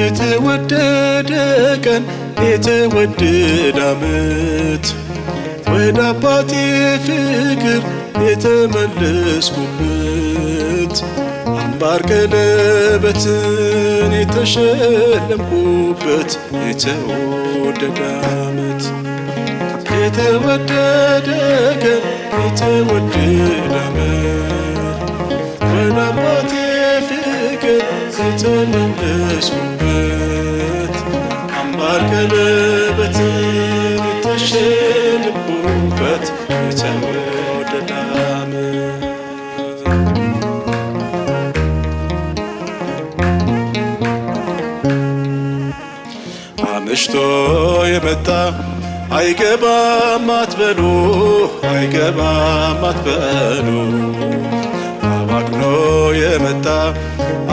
የተወደደ ቀን የተወደደ ዓመት ወደ አባቴ ፍቅር የተመለስኩበት አምባር ቀለበትን የተሸለምኩበት የተወደደ ዓመት የተወደደ ቀን የተወደደ ዓመት ወደ አባቴ ፍቅር የተመለስኩበት ባርከን በትዕግስት የተሸነፍኩበት የተወደደ ዓመት አምሽቶ የመጣ አይገባም አትበሉ አይገባም አትበሉ አክሎ የመጣ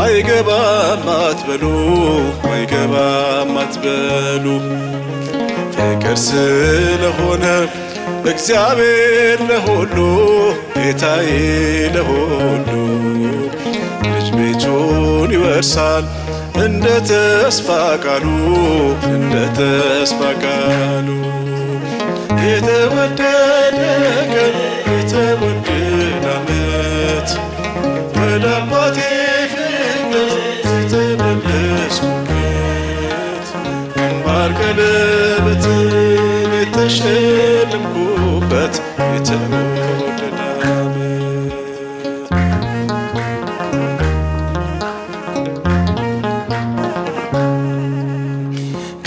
አይገባም አትበሉ፣ አይገባም አትበሉ። ፍቅር ስለሆነ እግዚአብሔር ለሁሉ ጌታዬ ለሁሉ ልጅ ቤቱን ይወርሳል እንደ ተስፋ ቃሉ እንደ ተስፋ ቃሉ የተወደደ ወደ አባቴ ፍቅር የተመለስኩበት ግንባር ቀለበትን የተሸለምኩበት የተወደደ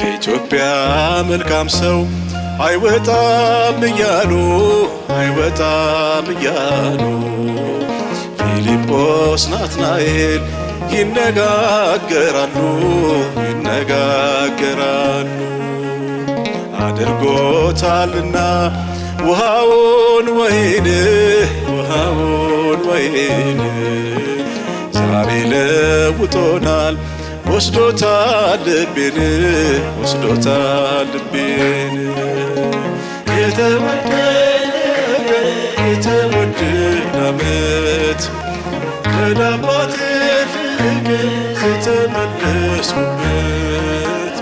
ከኢትዮጵያ መልካም ሰው አይወጣም እያሉ አይወጣም እያሉ ፊልጶስ ናትናኤል ይነጋገራሉ ይነጋገራሉ አድርጎታልና ውሃውን ወይን ውሃውን ወይን ዛሬ ለውጦናል ወስዶታል ልቤን ወስዶታል ልቤን የተወደደ የተወደደ ለአባቴ ፍቅር የተመለስኩበት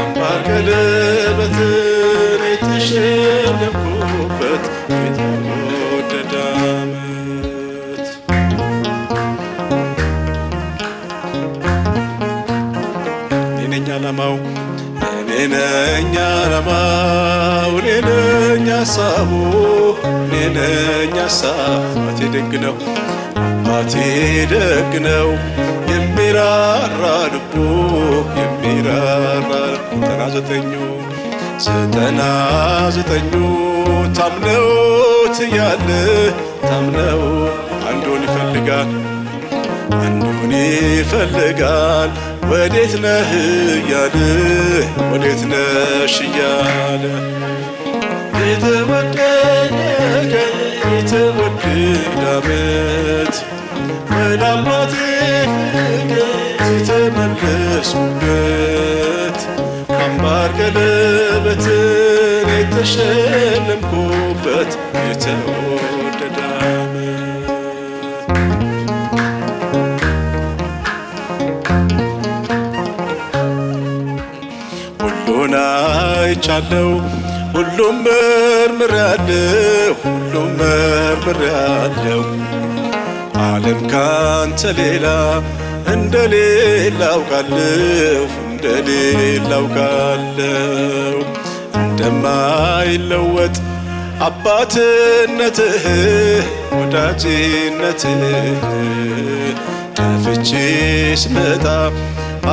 አምባር ቀለበትን የተሸለምኩበት የተወደደ ዓመት እኔ ዓላማው እኔ ዓላማው እኔ ነኝ ሀሳቡ እኔ ነኝ ሀሳብ ደግነው አባቴ ደግ ነው የሚራራ ልቡ የሚራራ ዘጠና ዘጠኙ ዘጠና ዘጠኙ ታምነውት ያለ ታምነው አንዱን ይፈልጋል አንዱን ይፈልጋል ወዴት ነህ እያለ ወዴት ነሽ እያለ የተወደደ ቀን የተወደደ ዓመት ወደ አባቴ ፍቅር አምባር ቀለበትን የተሸለምኩበት የተወደደ ሁሉን አይቻለው ሁሉም መርምሬያለው ሁሉም መርምሬያለው ዓለም ካንተ ሌላ እንደሌላ አውቃለሁ እንደሌላ አውቃለሁ እንደማይለወጥ አባትነትህ ወዳጅነትህ ተፍቼ ስመጣ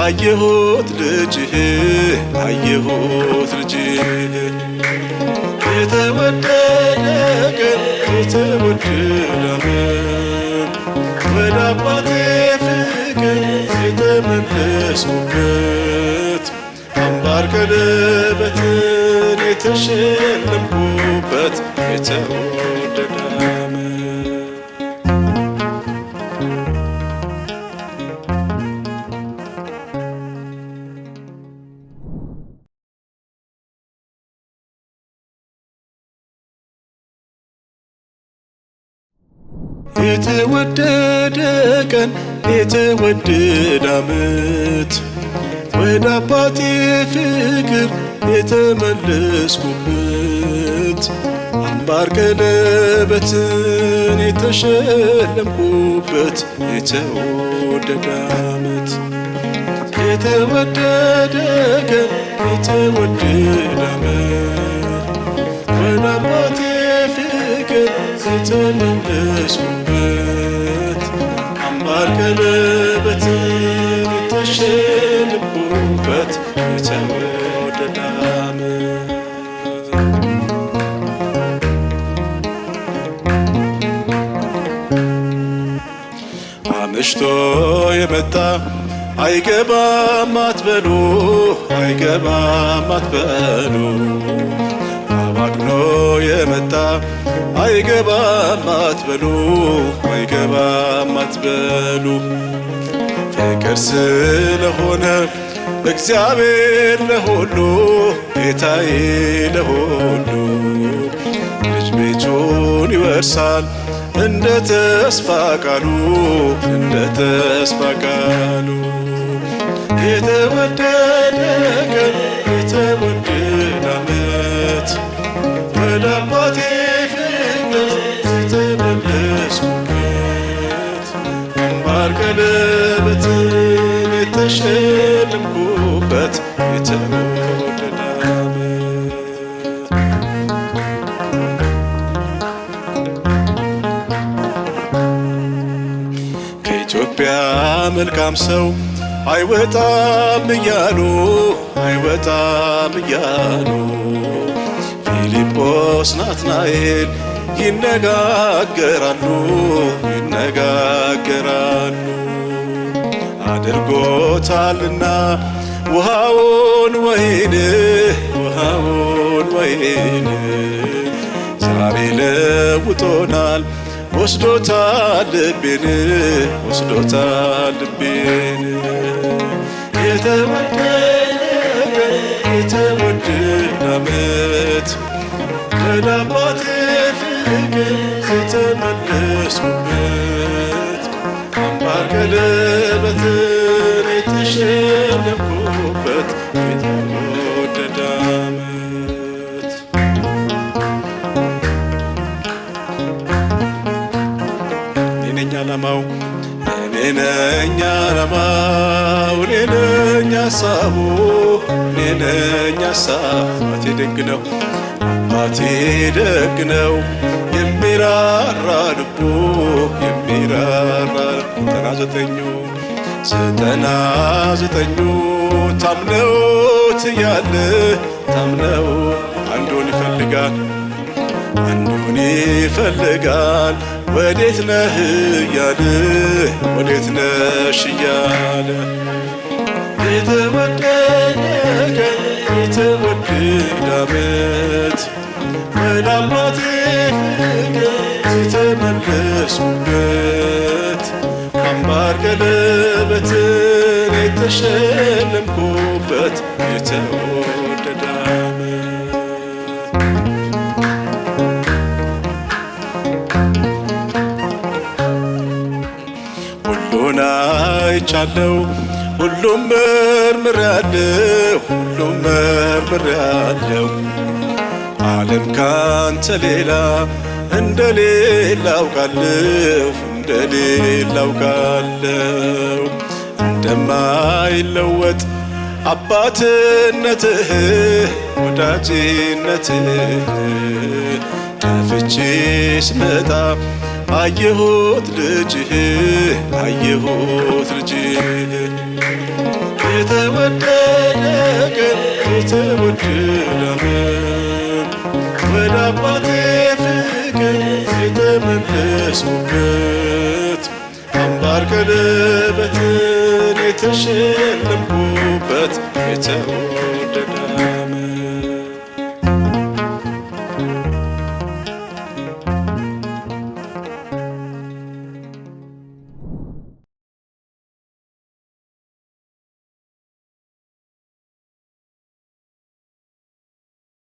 አየሁት ልጅህ አየሁት ልጅህ የተወደደ ግን የተወደደ ወደ አባቴ ፍቅር የተመለስኩበት አምባር ቀለበትን የተሸለምኩበት የተወደደ የተወደደ ቀን የተወደደ ዓመት ወደ አባቴ ፍቅር የተመለስኩበት አምባር ቀለበትን የተሸለምኩበት የተወደደ ዓመት የተወደደ ቀን የተወደደ ዓመት ወደ አባቴ ፍቅር የተመለስኩበት ሰንበትን የተሸነፍኩበት የተወደደ አምሽቶ የመጣ አይገባም አትበሉ፣ አይገባም አትበሉ። አባክኖ የመጣ አይገባም አትበሉ፣ አይገባም አትበሉ። ፍቅር ስለሆነ እግዚአብሔር ለሁሉ ጌታዬ ለሁሉ ልጅ ቤቱን ይወርሳል እንደ ተስፋ ቃሉ እንደ ተስፋ ቃሉ የተወደደ ቀን የተወደደ ዓመት ወደ አባቴ መልካም ሰው አይወጣም እያሉ አይወጣም እያሉ ፊልጶስ ናትናኤል ይነጋገራሉ ይነጋገራሉ አድርጎታልና ውሃውን ወይን ውሃውን ወይን ዛሬ ለውጦናል ወስዶታል ልቤን ወስዶታል ልቤን የተወደደ የተወደደ ዓመት ከናባት ፍቅር የተመለስኩበት አምባገነን ነኝ አላማው እኔ ነኝ አላማው እኔ ነኝ ሀሳቡ እኔ ነኝ ሀሳብ አባቴ ደግ ነው አባቴ ደግ ነው የሚራራ ልቡ የሚራራ ዘጠና ዘጠኙ ዘጠና ዘጠኙ ታምነውት ያለ ታምነው አንዱን ይፈልጋል አንዱን ይፈልጋል ወዴት ነህ እያለ ወዴት ነሽ እያለ የተወደደ የተወደደ ዓመት ወደ አባቴ የተመለስኩበት አምባር ቀለበትን የተሸለምኩበት የተወ አግኝቻለሁ። ሁሉም መርምሬያለሁ፣ ሁሉም መርምሬያለሁ። ዓለም ካንተ ሌላ እንደሌላ አውቃለሁ፣ እንደሌላ አውቃለሁ። እንደማይለወጥ አባትነትህ ወዳጅነትህ ደፍቼ ስመጣ አየሁት ልጅህ አየሁት ልጅህ የተወደደ ግን የተወደደ ምን ወደ አባቴ ፍቅር የተመለስኩበት አምባር ቀለበትን የተሸለምኩበት የተወ